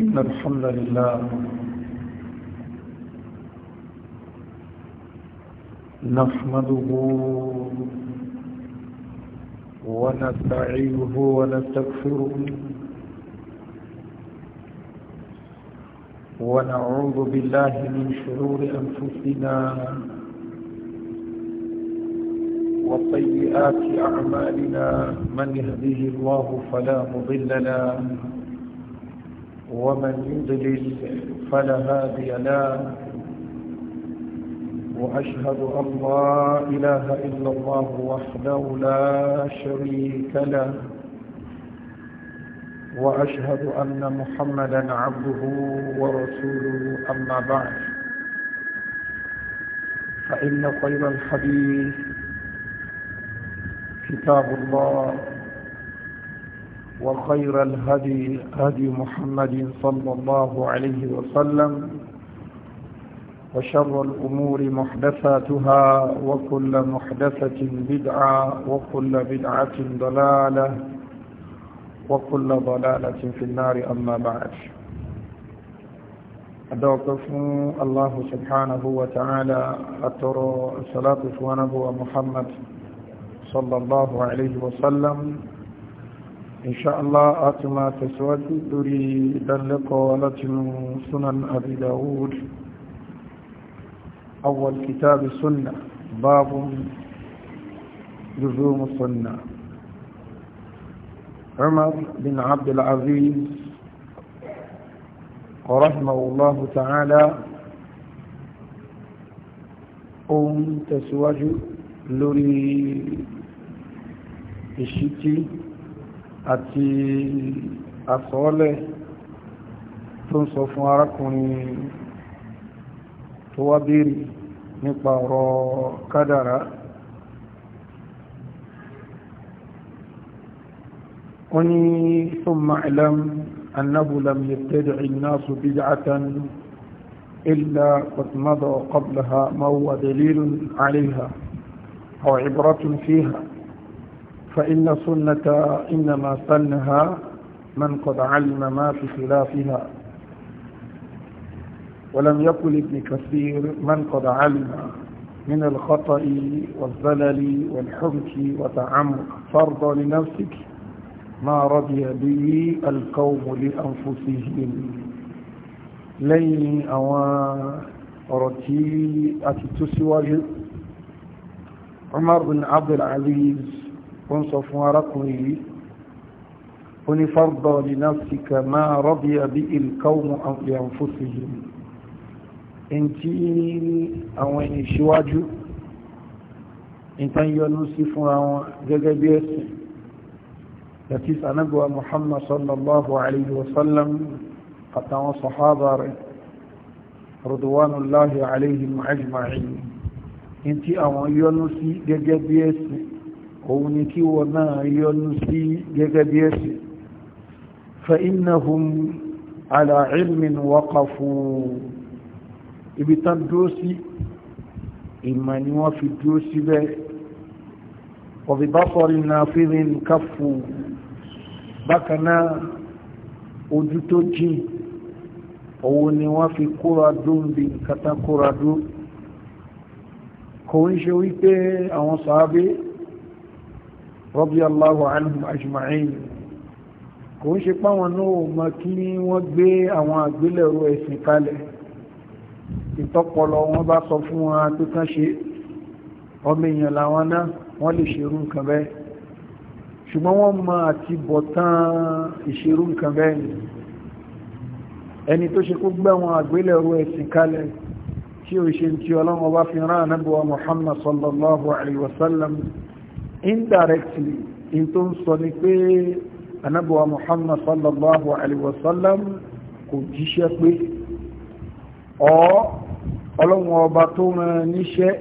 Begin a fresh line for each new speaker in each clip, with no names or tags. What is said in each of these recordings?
إن الحمد لله نحمده ونستعينه ونستغفره ونعوذ بالله من شرور أنفسنا وسيئات أعمالنا من يهديه الله فلا مضل له ومن يضلل فلا هادي له وأشهد أن لا إله إلا الله وحده لا شريك له وأشهد أن محمدا عبده ورسوله أما بعد فإن خير الحديث كتاب الله وخير الهدي هدي محمد صلى الله عليه وسلم وشر الأمور محدثاتها وكل محدثة بدعة وكل بدعة ضلالة وكل ضلالة في النار أما بعد أدعوكم الله سبحانه وتعالى أترى الصلاة ونبوة محمد صلى الله عليه وسلم إن شاء الله أتما تسود دوري دلق ولتن سنن أبي داود أول كتاب السنة باب لزوم السنة عمر بن عبد العزيز ورحمه الله تعالى أم تسوج لري الشتي àti àsọ́ọ́lẹ̀ tó ń sọ fún arákùnrin tó wá béèrè nípa ọ̀rọ̀ kádàrá wọ́n ní thumma ilam annahu lam yabtadi'i an-nasu bid'atan illa qad mada ma huwa dalilun 'alayha aw ibratun fiha فإن سنة إنما سنها من قد علم ما في خلافها ولم يقل ابن كثير من قد علم من الخطأ والزلل والحمك وتعمق فرض لنفسك ما رضي به القوم لأنفسهم لين أوى رتي أتتسواج عمر بن عبد العزيز ó ń sọ fún arákùnrin yìí ó ní fardọ̀ ní nafsika máa rọ́bí àbí ìlkáwọ̀mù àti àǹfóṣe yìí ẹni tí àwọn ẹni ṣíwájú ìtàn yọnu sí fúnra wọn gẹ́gẹ́ bí ẹ̀sìn yàtí sànàbíwa muhammad sallallahu alayhi wa sallam àtàwọn sọ̀hábà rẹ̀ rọ̀dùwánuláhi alayhim ajma'in in tí àwọn yọnu sí gẹ́gẹ́ bí ẹ̀sìn òun ni kí wọ́n náà yọnu sí gẹ́gẹ́ bí ẹ̀sìn fa innahum ala ilmin waqafu ibi tán dúró sí ìmọ̀ ni wọ́n fi dúró síbẹ̀ ọ̀bìbáfọ́rí na fírin káfù bákanáà ojú tó jìn òun ni wọ́n fi kóra dóńbi kátà kò ń ṣe wípé àwọn sàábé radiyallahu anhum ajma'in kò ń ṣe páwọn náà mọ kí wọ́n gbé àwọn àgbélẹ̀rọ ẹ̀sìn kalẹ̀ ìtọ́pọlọ wọn bá sọ fún wọn pé kán ṣe ọmọ èèyàn làwọn náà wọ́n lè ṣerú nǹkan bẹ́ẹ̀ ṣùgbọ́n wọ́n mọ àti bọ̀tán ìṣerú nǹkan bẹ́ẹ̀ ni ẹni tó ṣe kó gbé àwọn àgbélẹ̀rọ ẹ̀sìn kalẹ̀ tí ò ṣe ti ọlọ́run ọba fi rán ànábì Muhammad sallallahu alaihi wasallam indirectly in tó ń sọ ni pé anábọ̀wá muhammad sallallahu alaihi wasallam kò jíṣẹ́ pé ọ́ ọlọ́run ọba tó rán níṣẹ́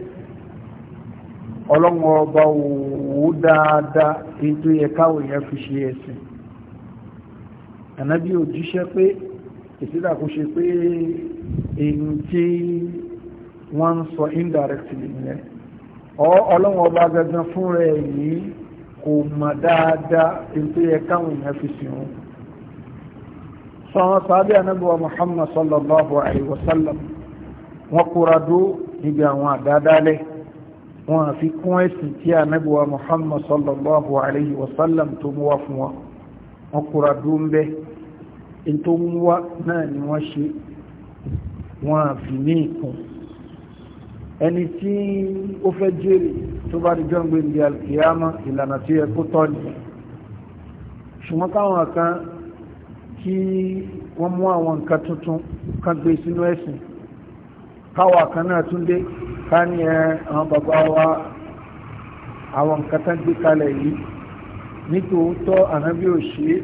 ọlọ́run ọba òwò dáadáa èyí tó yẹ káwọn èèyàn fi ṣe ẹ̀sìn ànábí ò jíṣẹ́ pé ìsídà kó ṣe pé èyí tí wọ́n ń sọ indirectly nìyẹn ọlọ́run ọba gangan fúnra ẹ̀ yìí kò mọ̀ dáadáa ètò yẹ káwọn èèyàn fi sìn wọn sọ́wọ́n sábẹ́ anábíwá Muhammad sallallahu alayhi wa sallam wọ́n kóra dó níbi àwọn àdádálẹ̀ wọn àfi kún ẹ̀sìn tí anábíwá Muhammad sallallahu alayhi wa sallam tó mú wá fún wọn wọ́n kóra dó ń bẹ́ ètò mú wá náà ni wọ́n ṣe wọn àfi ní ìkùn ẹni tí ó fẹ́ jèrè tó bá di jọ́ ń gbé ní alkiyama ìlànà tí ẹ kó tọ́ ni ṣùgbọ́n káwọn kan kí wọ́n mú àwọn nǹkan tuntun kan gbé sínú ẹ̀sìn káwọn kan náà tún dé ká ní ẹ àwọn bàbá wa àwọn nǹkan tán gbé kalẹ̀ yìí nítòótọ́ ànábí òṣèré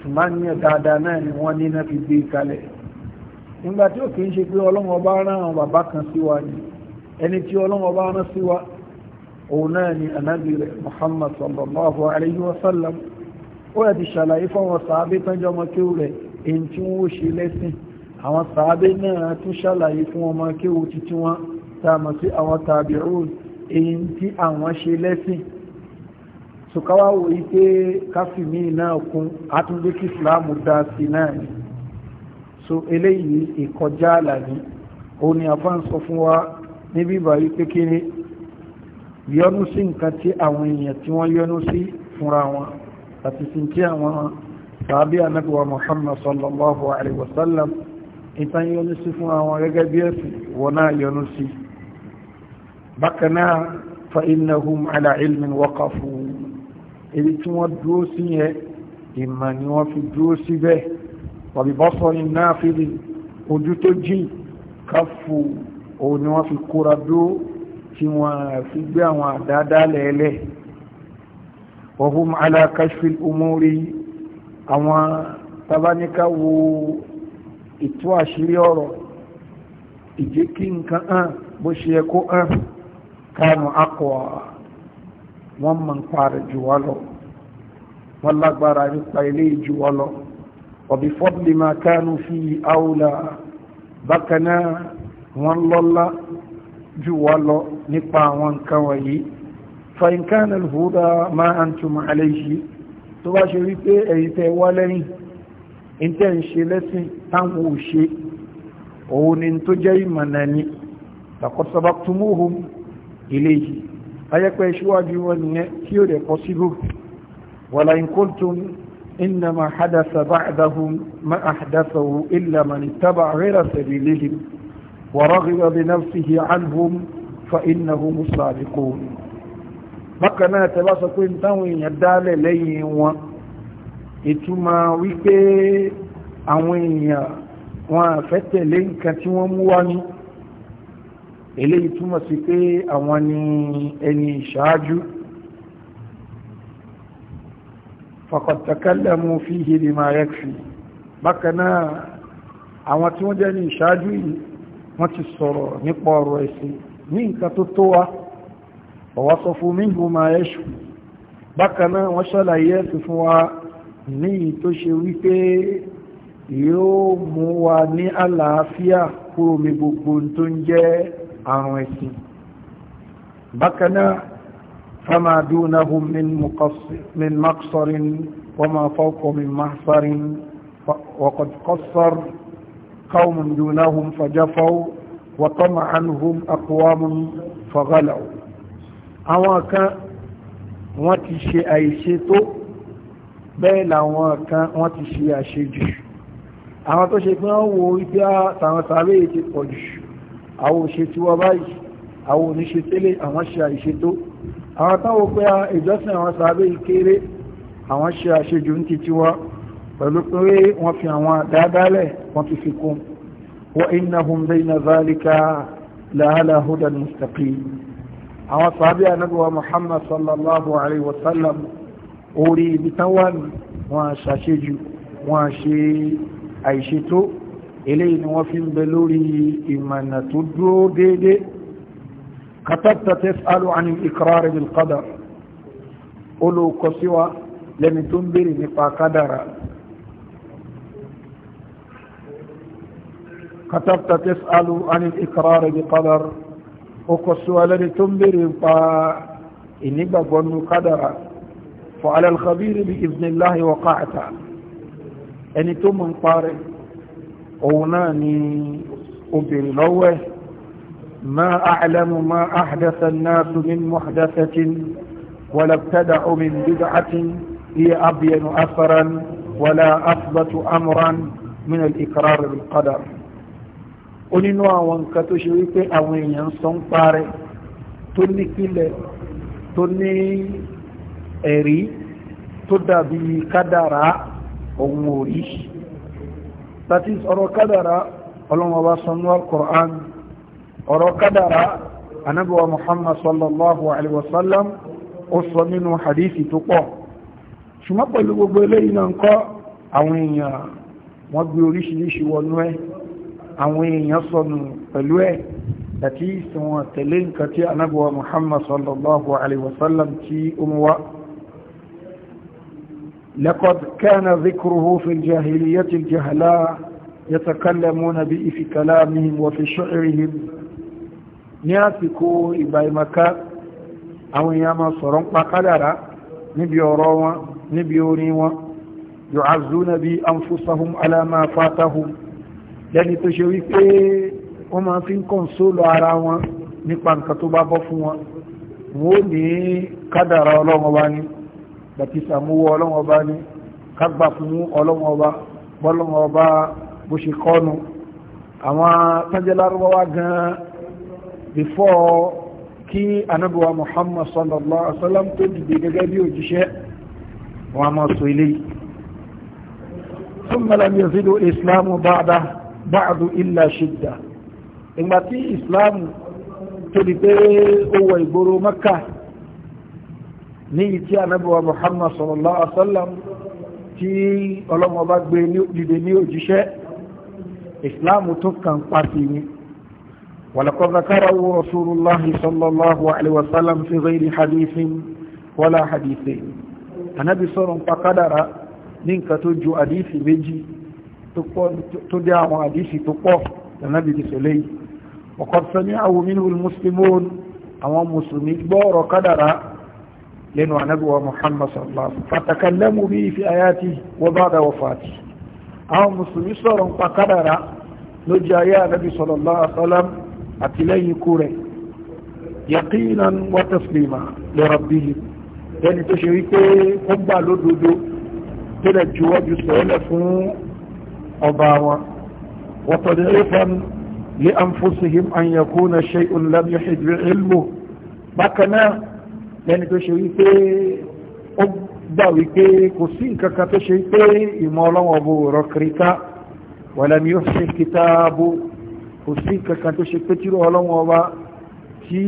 ṣùgbọ́n ní ẹ̀ dáadáa náà ni wọ́n ní náà fi gbé kalẹ̀ nígbà tí ó kì ṣe pé ọlọ́run rán àwọn bàbá kan sí wa ni ẹni tí ọlọ́wọ́ bá rán sí wa òun náà ni ànábì rẹ̀ muhammad sallallahu alayhi wa sallam ó yẹ ti ṣàlàyé fáwọn sàábé tánjọ́ ọmọ kéwù rẹ̀ èyí tí wọ́n ṣe lẹ́sìn àwọn sàábé náà tún ṣàlàyé fún ọmọ títí wọn tààmà sí àwọn tàbíùn èyí tí àwọn ṣe lẹ́sìn sùkáwá wò yí náà kún àtúndé kí ìsìláàmù dá sí náà ni so eléyìí ìkọjá àlàní òun ni àfáà ń sọ fún wa níbí báyìí kékeré yọnu sí nǹkan tí àwọn èèyàn tí wọ́n yọnu sí fúnra wọn àti sí tí àwọn sàábí anábíwa Muhammad sallallahu alaihi wasallam ìtàn yọnu sí fúnra wọn gẹ́gẹ́ bí ẹ̀sìn wọn náà yọnu sí bákan náà fa innahum ala ilmin waqafu ibi tí wọ́n dúró sí yẹn ìmọ̀ ni wọ́n fi dúró síbẹ̀ wàbí bọ́sọ̀ ní náà fi ojú tó jìn káfù òun ni wọ́n fi kóra dó tí wọ́n fi gbé àwọn àdádálẹ̀ ẹlẹ́ wahum ala kashfil umuri àwọn tabaníká wo ìtú àṣírí ọ̀rọ̀ ìjẹ́ kí nǹkan hàn bó ṣe yẹ kó hàn kánú akọ̀ wọ́n mọ̀ ń parẹ̀ jù wá lọ wọ́n lágbára nípa ilé jù wá lọ wa bi fadli ma fi awla bákan wọ́n lọ́lá jù wá lọ nípa àwọn nǹkan wọ̀nyí fàyínkàn alhuda ma antum alayhi tó bá ṣe rí pé ẹ̀yin tẹ́ wá lẹ́yìn ìtẹ́ ń ṣe lẹ́sìn táwọn ò ṣe òun ni tó jẹ́ ìmọ̀nà ni tàkọ́sọ́bá túnmúhùn ilé yìí ayẹ́pẹ́ ṣíwájú wọn nìyẹn tí ó rẹ̀ pọ́síbù wàlá ìkóntún إنما حدث بعدهم ما أحدثه إلا من اتبع غير سبيلهم ورغب بنفسه عنهم فإنهم الصادقون bákanáà tẹbásọ pé ń táwọn èèyàn dálẹ̀ lẹ́yìn wọn ìtumọ̀ wípé àwọn èèyàn wọn àfẹ́ tẹ̀lé nǹkan tí wọ́n mú wá ní eléyìí túmọ̀ sí pé àwọn ni ẹni ìṣáájú faqad takallamu fihi bima yakfi bákanáà àwọn tí wọ́n jẹ́ ní ìṣáájú yìí wọ́n ti sọ̀rọ̀ nípa ọ̀rọ̀ ẹ̀sìn ní nǹkan tó tó wá ọ̀wá sọ fún mímú ma ẹ̀ṣù bákanáà wọ́n ṣàlàyé ẹ̀sìn fún wa ní tó ṣe wípé yóò mú wa ní àlàáfíà kúrò mi gbogbo tó ń jẹ́ àrùn ẹ̀sìn bákanáà fama min maqsarin wa ma fawqa min mahsarin wa qad qassar qawmun fajafau wàtọ́mà anuhum akọwàmùn fọ́gọ́lọ̀ àwọn kan wọ́n ti ṣe àìṣe tó bẹ́ẹ̀ làwọn kan wọ́n ti ṣe àṣejù àwọn tó ṣe pé wọ́n wo ibi àtàwọn sàárè ti pọ̀ jù àwọn òṣè tí wọ́n báyìí àwọn oníṣe tẹ́lẹ̀ àwọn ṣe àìṣe tó àwọn táwọn pé ah, ìjọsìn àwọn sàárè kéré àwọn ṣe àṣejù ń ti tiwa pẹ̀lú pé fi àwọn àdáadáa lẹ̀ ti fi kún وإنهم بين ذلك لعلى هدى مستقيم أو صحابي نبوة محمد صلى الله عليه وسلم أولي بتوان وشاشج وشي أيشتو إليه وفي بلوري إما تدو ديدي كتبت تسأل عن الإقرار بالقدر أولو كسوى لم تنبري نفا قدر كتبت تسأل عن الإقرار بقدر أقصوا الذي تنبر فإنك بأنه قدر فعلى الخبير بإذن الله وقعت أن تم قارئ أوناني أبر لوه ما أعلم ما أحدث الناس من محدثة ولا ابتدع من بدعة هي أبين أثرا ولا أثبت أمرا من الإقرار بالقدر ó nínú àwọn nǹkan tó ṣe wípé àwọn èèyàn sọ ń parẹ́ tó ní tó ní ẹ̀rí tó dàbí kádàrá ohun orí that is ọ̀rọ̀ kádàrá ọlọ́mọba sọnú al-Qur'an ọ̀rọ̀ kádàrá anábíwa Muhammad sallallahu alaihi wasallam ó sọ nínú hadithi tó pọ̀ ṣùgbọ́n pẹ̀lú gbogbo eléyìí náà ń kọ́ àwọn èèyàn wọ́n gbé oríṣiríṣi wọnú ẹ̀ àwọn èèyàn sọnù pẹ̀lú ẹ̀ àti ìsìnwọ̀n tẹ̀lé nǹkan tí anábọ̀wà muhammad sallallahu alaihi wasallam tí umuwa kẹ́ẹ̀nà ó mú wá لقد كان ذكره في الجاهلية الجهلاء يتكلمون به في كلامهم وفي sha'irihim ní àsìkò ìgbà ìmọ̀ká àwọn èèyàn ma sọ̀rọ̀ ń pa kádàrá níbi ọ̀rọ̀ wọn níbi orin wọn yóò yu'azzuna bi anfusahum ala ma fatahum lẹ́ni tó ṣe wípé wọ́n máa fi ń kọ́nsólò ara wọn nípa nǹkan tó bá bọ́ fún wọn wọ́n ní kádàrà ọlọ́wọ́ba ní bàtísàmúwọ́ ọlọ́wọ́ba ní kágbà fún ọlọ́wọ́ba bọ́lọ́wọ́ba bó ṣe kọ́nu àwọn tánjẹ́lárúwọ́wá gan bífọ́ kí anábíwa Muhammad sallallahu alaihi wasallam tó dìde gẹ́gẹ́ bí òjíṣẹ́ wọn a máa sọ ilé ثم لم يزدوا الإسلام بعده báàdù ilà ṣìdà ìgbà tí islam tó di pé ó wọ ìgboro maka ní ìtí anábíwa muhammad sallallahu alaihi wasallam tí ọlọ́mọ bá gbé dìde ní òjíṣẹ́ islam tó kàn pàtì ni ولقد ذكره رسول الله صلى الله عليه وسلم في غير حديث ولا حديثين النبي صلى الله عليه وسلم قدر نينك تجو بيجي tó dé àwọn àdísì tó pọ̀ lẹ́nàbí ti sọlé yìí ọkọ̀ sami àwọn minhu muslimun àwọn musulmi gbọ́ọ̀rọ̀ kádàrá lẹ́nu ànábíwa muhammad sallallahu fatakallamu bí fi ayati wa ba'da wafati àwọn musulmi sọ̀rọ̀ ń pa kádàrá lójú ayé ànábí sallallahu alaihi wasallam àti lẹ́yìn ikú ọba wọn wọ́tọ̀dẹ̀ ìfẹ́m lé àǹfọ́síhìm àyẹ̀kúnà ṣe ìlànà ìṣèjì ìlmù bákanáà lẹ́ni tó ṣe wípé ó gbà wípé kò sí nǹkankan tó ṣe wípé ìmọ̀ ọlọ́wọ́ bó rọ kìríkà wàlẹ́mi ó ṣe kìtààbò kò sí nǹkankan tó ṣe pé tíró ọlọ́wọ́ bá tí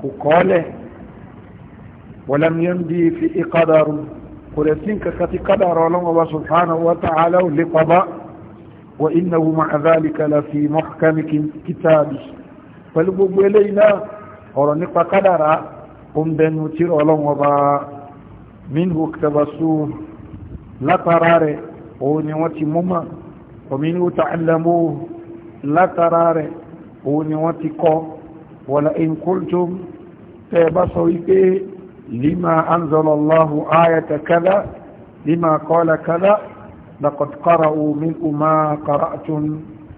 kò kọ́ lẹ̀ wàlẹ́mi ó ń di fi ìkádàrú kò lè sí nǹkan kàtí kádàrà ọlọ́wọ́ wa subhanahu wa ta'ala ò lè pa bá wa innahu ma'a dhalika la fi muhkami kitabi pẹ̀lú gbogbo eléyìí náà ọ̀rọ̀ nípa kádàrà ó ń bẹnu tírà ọlọ́wọ́ bá minhu iktabasu látara rẹ̀ òun ni wọ́n ti mú mọ́ wa látara rẹ̀ òun ni wọ́n ti kọ́ wa لما أنزل الله آية كذا لما قال كذا لقد قرأوا من ما قرأت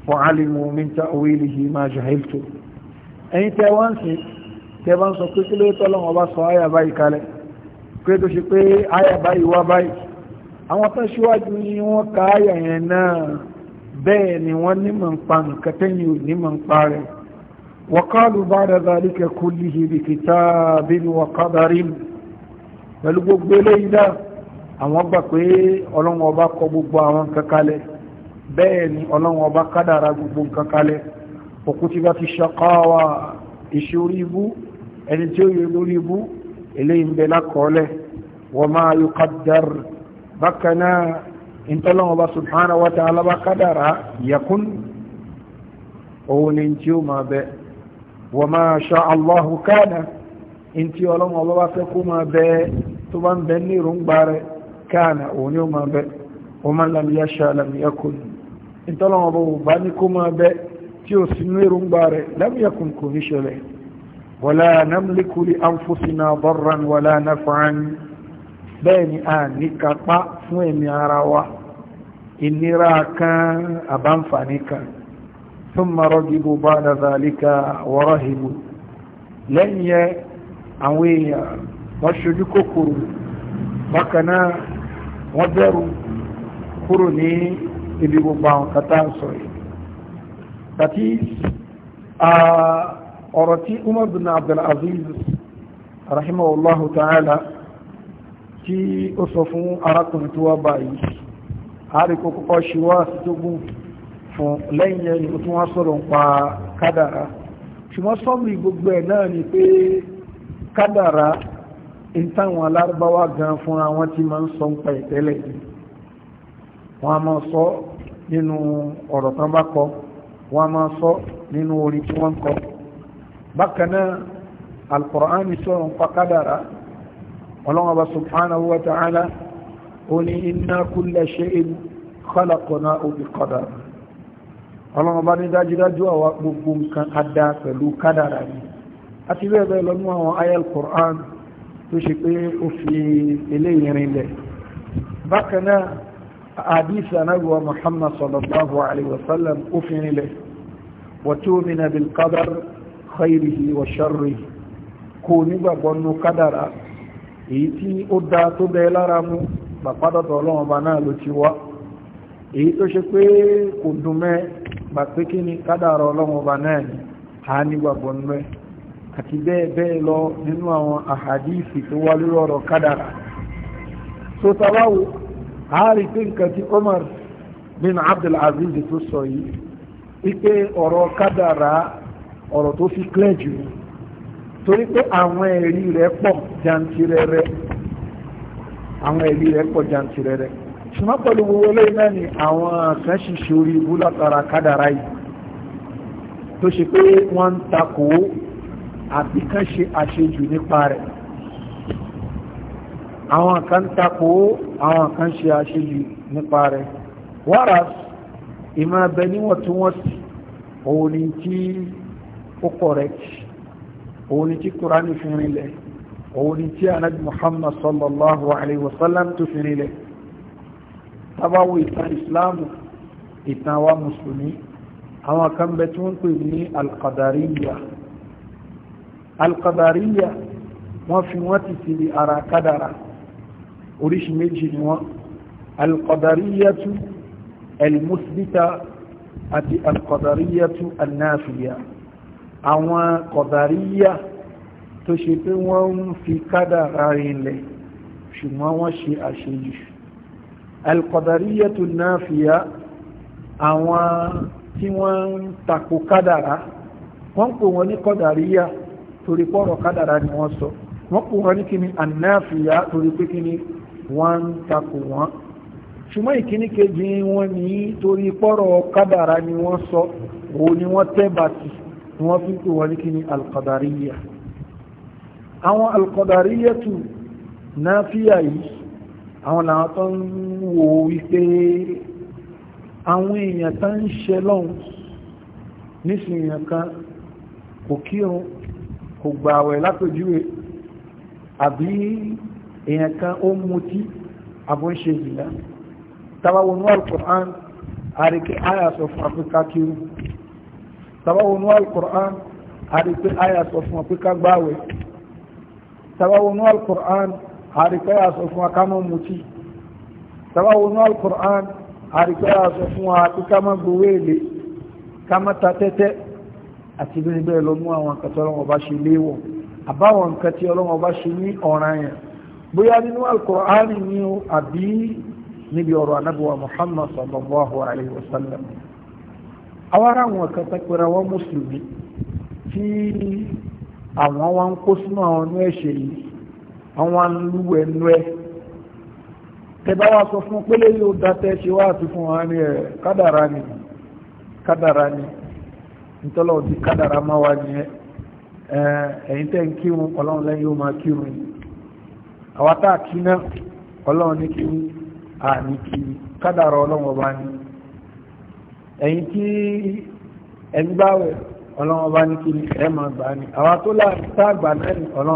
وعلموا من تأويله ما جهلت أي تيوانسي تيوان سوكيك لي طلعوا وبس آية باي كالي كيدو شكي آية باي وباي àwọn tó ṣíwájú ní wọ́n ká àyà yẹn náà bẹ́ẹ̀ ni wọ́n ní mọ̀ ń pa nǹkan tẹ́yìn ò ní mọ̀ ń pa rẹ̀ وقالوا بعد ذلك كله بكتاب وقدر pẹ̀lú gbogbo eléyìí náà àwọn gbà pé ọlọ́run ọba kọ gbogbo àwọn nǹkan kalẹ̀ bẹ́ẹ̀ ni ọlọ́run ọba kádàrá gbogbo nǹkan kalẹ̀ òkú ti bá ti ṣàkáwà ìṣe orí ibú ẹni tí ó yẹ lórí ibú eléyìí ń bẹ lákọọ́lẹ̀ wa ma yuqaddar bákan náà ìtọ́lọ́run ọba subhanahu wa ta'ala bá kádàrá yakun òun ni tí ó máa bẹ́ẹ̀ wa ma sha Allahu kana ntí ọlọ́run ọba bá fẹ́ kó máa bẹ tó bá ń bẹ ní ìrùngbà rẹ̀ kana òun ni ó máa bẹ wa man lam yasha lam yakun ntọ́lọ́run ọba ò bá ní kó máa bẹ tí ó sì ní ìrùngbà rẹ̀ lam yakun kò ní ṣẹlẹ̀ wala namliku anfusina darran wala naf'an bẹ́ẹ̀ ni a ní kápá fún ẹ̀mí ara wa ìnira kan àbáǹfààní kan ثم رجبوا بعد ذلك ورهبوا لن yẹ وشجكوا èèyàn wọ́n ṣojú kòkòrò bákaná wọ́n bẹ̀rù kúrò ní ibi gbogbo àwọn kàtà sọ yìí tàbí ọ̀rọ̀ tí Umar bin Abdulaziz rahimahullahu ta'ala tí ó sọ fún arákùnrin tó wá báyìí àríkò kọ́kọ́ ṣíwá sí tó gùn fún lẹ́yìn ẹni tó wọ́n sọ̀rọ̀ ń pa kádàrá ṣùgbọ́n sọ́mì gbogbo ẹ̀ náà ni pé kádàrá ń táwọn alárúbáwá gan fúnra wọn ti máa ń sọ ń pa ìtẹ́lẹ̀ wọn a máa sọ nínú ọ̀rọ̀ tán bá kọ wọn a máa sọ nínú orin tí wọ́n ń kọ bákan náà alkùrán ni sọ̀rọ̀ ń pa kádàrá ọlọ́wọ́n bá subhanahu wa ta'ala ó ní inna kulla shay'in khalaqnahu bi qadar ọlọ́run bá ní dájúdájú àwa gbogbo nǹkan adá pẹ̀lú kádàrà ni àti bẹ́ẹ̀ bẹ́ẹ̀ lọ́nú àwọn ayel Qur'an tó ṣe pé ó fi eléyìí rinlẹ̀ bákan náà àdìsí anábíwá Muhammad sallallahu alayhi wa sallam ó fi rinlẹ̀ wa tu'mina bil ọlọ́run bá náà ló ti wá èyí tó ṣe pé kò dùn mẹ́ẹ́ gbà pé kí ni kádàrọ̀ ọlọ́run a lọ nínú àwọn àhàdíìsì tó lórí ọrọ kadara tó rí pé Umar bin Abdul Aziz tó sọ yìí wípé kadara kádàrà ọ̀rọ̀ tó fi clear torí pé àwọn ṣùgbọ́n pẹ̀lú gbogbo lẹ́yìn náà ni àwọn kan ṣiṣẹ́ orí ibú látara kádàrá yìí tó ṣe pé wọ́n ń takò àbí kan ṣe àṣejù nípa rẹ̀ àwọn kan ń takò àwọn kan ṣe àṣejù nípa rẹ̀ wàrà ìmọ̀ abẹ níwọ̀ntúnwọ̀nsì òun ni tí ó correct òun ni tí kúránì fi rinlẹ̀ òun ni tí anabi muhammad sallallahu alayhi wa sallam tó fi rinlẹ̀ tabawo ìtàn ìsìláàmù ìtàn wa mùsùlùmí àwọn kan bẹ tí wọ́n pè ní alkadariya alkadariya wọ́n fi wọ́n ti ti di ara kádàrà oríṣi méjì ni wọ́n alkadariyatu almusbita àti alkadariyatu annafiya àwọn kọdariya tó ṣe pé wọ́n fi kádàrà rinlẹ̀ ṣùgbọ́n wọ́n ṣe àṣejù alqadariyatu náfíà àwọn tí wọ́n ń takò kádàrá wọ́n pò wọ́n ní kọ́dàríyà torí pọ́rọ̀ kádàrá ni wọ́n sọ wọ́n pò wọ́n ní kíni ànáfíà torí pé kíni wọ́n ń takò wọ́n ṣùgbọ́n ìkíní kejì wọn ní torí pọ́rọ̀ kádàrá ni wọ́n sọ òun ni wọ́n tẹ́ bàtì ni wọ́n fi pò wọ́n ní kíni alqadariyya àwọn alqadariyatu náfíà yìí àwọn làwọn tó ń wo wípé àwọn èèyàn tó ń ṣe lọ́hùn nísìnyàn kan kò kírun kò gbààwẹ̀ lápèjúwe àbí èèyàn kan ó mutí àbó ń ṣe ìlà tabawonu al-Qur'an àríkẹ́ àyà sọ fún àfíkà kírun tabawonu al-Qur'an àríkẹ́ àyà sọ fún àfíkà gbààwẹ̀ tabawonu al-Qur'an àríkẹ́ àṣọ fún akámọ́ mutí tàbá wọnú al-Qur'an àríkẹ́ àṣọ fún akíkámọ́ gbowó èlé kámọ́ ta tẹ́tẹ́ àti bẹ́ẹ̀ bẹ́ẹ̀ lọ mú àwọn nǹkan tí ọlọ́wọ́ bá ṣe léwọ̀ àbáwọn nǹkan ọlọ́wọ́ bá ṣe ní ọ̀ràn quran ni o àbí níbi ọ̀rọ̀ Muhammad sallallahu alayhi wa sallam àwọn ará àwọn kan tẹ́pẹ́rẹ́ wọn mùsùlùmí tí àwọn wa ń kó sínú àwọn inú ẹ̀ṣẹ̀ yìí àwọn alúwẹ̀ ẹnu ẹ tẹbá wá sọ fún pélé yóò dátẹ́ ṣe wá àti fún ẹ̀ kádàrá ni kádàrá ni nítọ́lọ̀ ti kádàrá máa wá ní ẹ̀yìn tẹ́ ń kírun ọlọ́run lẹ́yìn ó máa kírun ni àwọn a kí náà ọlọ́run ní kí àní kí kádàrá ọlọ́run ọba ni ẹ̀yìn tí ẹni ọlọ́run ọba ní kí máa gbà ni àwọn tó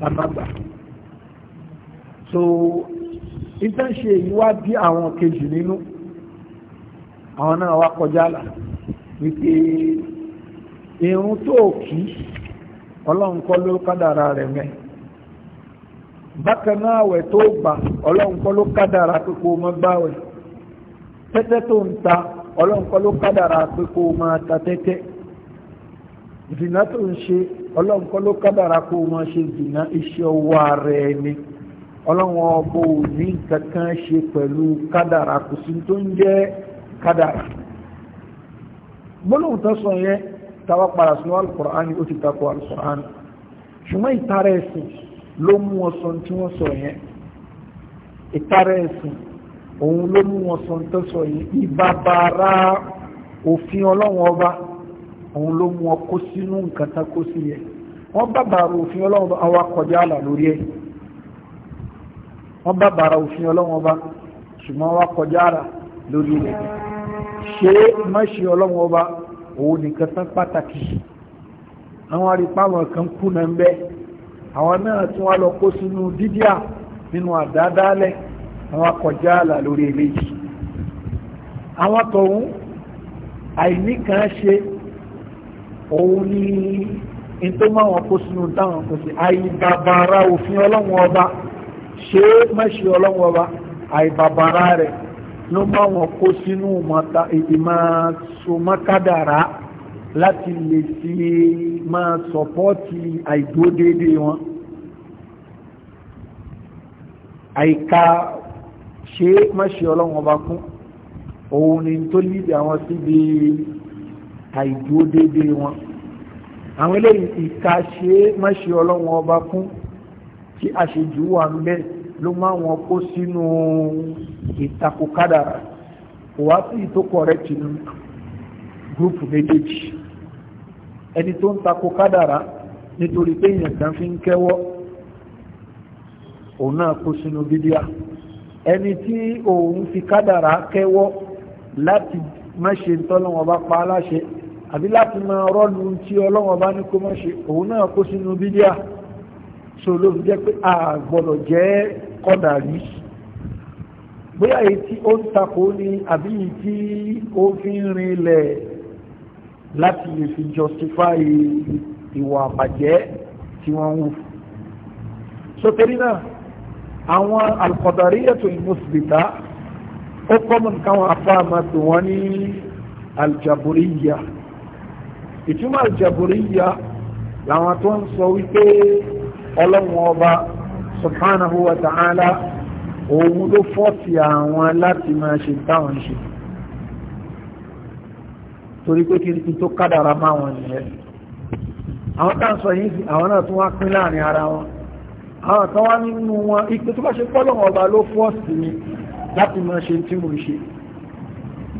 lámàgbà so ìtànṣe ìwá bí àwọn kejì nínú àwọn náà wá kọjá là wípé irun tó kí ọlọ́run kọ́ ló kádàrà rẹ̀ mẹ́ bákan náà àwẹ̀ tó gbà ọlọ́run ló kádàrà pé kó má gbáwẹ̀ tẹ́tẹ́ tó ń ta ọlọ́run ló kádàrà pé kó ta tẹ́tẹ́ zina tó ń ṣe ọlọ́run kọ́ ló kádàrá kó o máa ṣe zina iṣẹ́ ọwọ́ ara ẹni ọlọ́run ọkọ̀ ò ní nǹkan kan ṣe pẹ̀lú kádàrá kò sí tó ń jẹ́ kádàrá gbólóhùn tó sọ yẹn táwa padà sínú alukur'an ó ti takò alukur'an ṣùgbọ́n ìtara ẹ̀sìn ló mú wọn sọ tí wọ́n sọ yẹn ìtara ẹ̀sìn òun ló mú wọn sọ tó sọ yẹn ìbàbàrà òfin ọlọ́run ọba òun ló mú ọ kó sínú nǹkan tá kó sí yẹ wọ́n bá bàrà òfin ọlọ́run bá wa kọjá àlà lórí ẹ̀ wọ́n bá bàrà òfin ọlọ́run bá ṣùgbọ́n wa kọjá àlà lórí rẹ̀ ṣe má ṣe ọlọ́run ọba òun nìkan tán pàtàkì àwọn arìpáwọn kan kú náà ń bẹ àwọn náà tí wọ́n lọ kó sínú dídíà nínú àdádálẹ̀ àwọn akọjá àlà lórí eléyìí àwọn tọ̀hún àìní kan ṣe òun ní ìtọ́ máa wọn kó sínú dáhùn kò sí àìbàbàrà òfin ọlọ́run ọba ṣe mẹ́ṣe ọlọ́run ọba àìbàbàrà rẹ̀ ló máa wọn kó sínú ìmọ̀ sọmọ́kádàrá láti lè fi máa sọ̀pọ́ọ̀tì àìdúródédé wọn àìka ṣe mẹ́ṣe ọlọ́run ọba kún òun ni tó lídìí àwọn síbi àìdúródédé wọn àwọn eléyìí ìka ṣe mọ́ṣe ọlọ́wọ́n ọba fún tí a ṣe jù wà ń bẹ́ ló máa wọn kó sínú ìtakò kádàrà wà sí ìtókọ̀ rẹ̀ tìǹú gúrùpù méjèèjì ẹni tó ń takò kádàrà nítorí pé èèyàn kan fi ń kẹ́wọ́ òun náà kó sínú bídíà ẹni tí òun fi kádàrà kẹ́wọ́ láti mọ́ṣe tọ́lọ́wọ́n ọba pa aláṣẹ àbí láti máa rọ́ọ̀lù tí ọlọ́wọ́n bá ní kó mọ́ ṣe òun náà kó sínú bídíà so ló fi jẹ́ pé a gbọ́dọ̀ jẹ́ kọ́dà rí bóyá èyí tí ó ń takò ní àbí èyí tí ó fi ń rin ilẹ̀ láti lè fi justify ìwà àbàjẹ́ tí wọ́n ń wù so torí náà àwọn alqadariyatu musbita ó kọ́mọ̀ nǹkan àwọn afáàmà tí wọ́n ní aljaburiyya ìtumọ̀ ìjàbùríyà làwọn tó ń sọ wípé ọlọ́run ọba subhanahu wa ta'ala òun ló fọ́ọ̀tì àwọn láti máa ṣe táwọn ṣe torí pé kí tó kádàrá máwọn nìyẹn àwọn tá ń sọ yìí àwọn náà tún wá pín láàrin ara wọn àwọn kan wá nínú wọn ipò tó bá ṣe pọ́lọ̀wọ̀n ọba ló fọ́ọ̀sì mi láti máa ṣe tí mo ṣe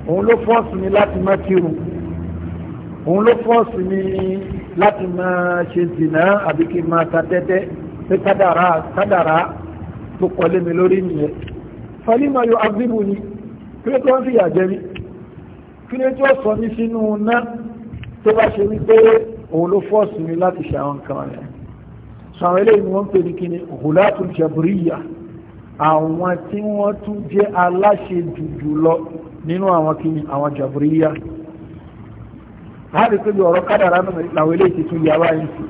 òun ló fọ́ọ̀sì mi láti máa kírun òun ló fọ́ọ̀sì mi láti máa ṣe zìnà àbí kí n máa ta tẹ́tẹ́ pé kádàrá kádàrá tó kọlé mi lórí nìyẹn falima yóò agbébù ni kí ló tó ń fìyà jẹ mí kí ló tó sọ mí sínú ná tó bá ṣe wípé òun ló fọ́ọ̀sì mi láti ṣe àwọn nǹkan rẹ̀ sọ àwọn eléyìí ni wọ́n ń pè ní kíni hulatul jabriya àwọn tí wọ́n tún jẹ́ aláṣẹ jù lọ nínú àwọn kíni àwọn jabriya láti pé bí ọ̀rọ̀ kádàrá náà làwọn eléyìí ti tún yà wáyé sí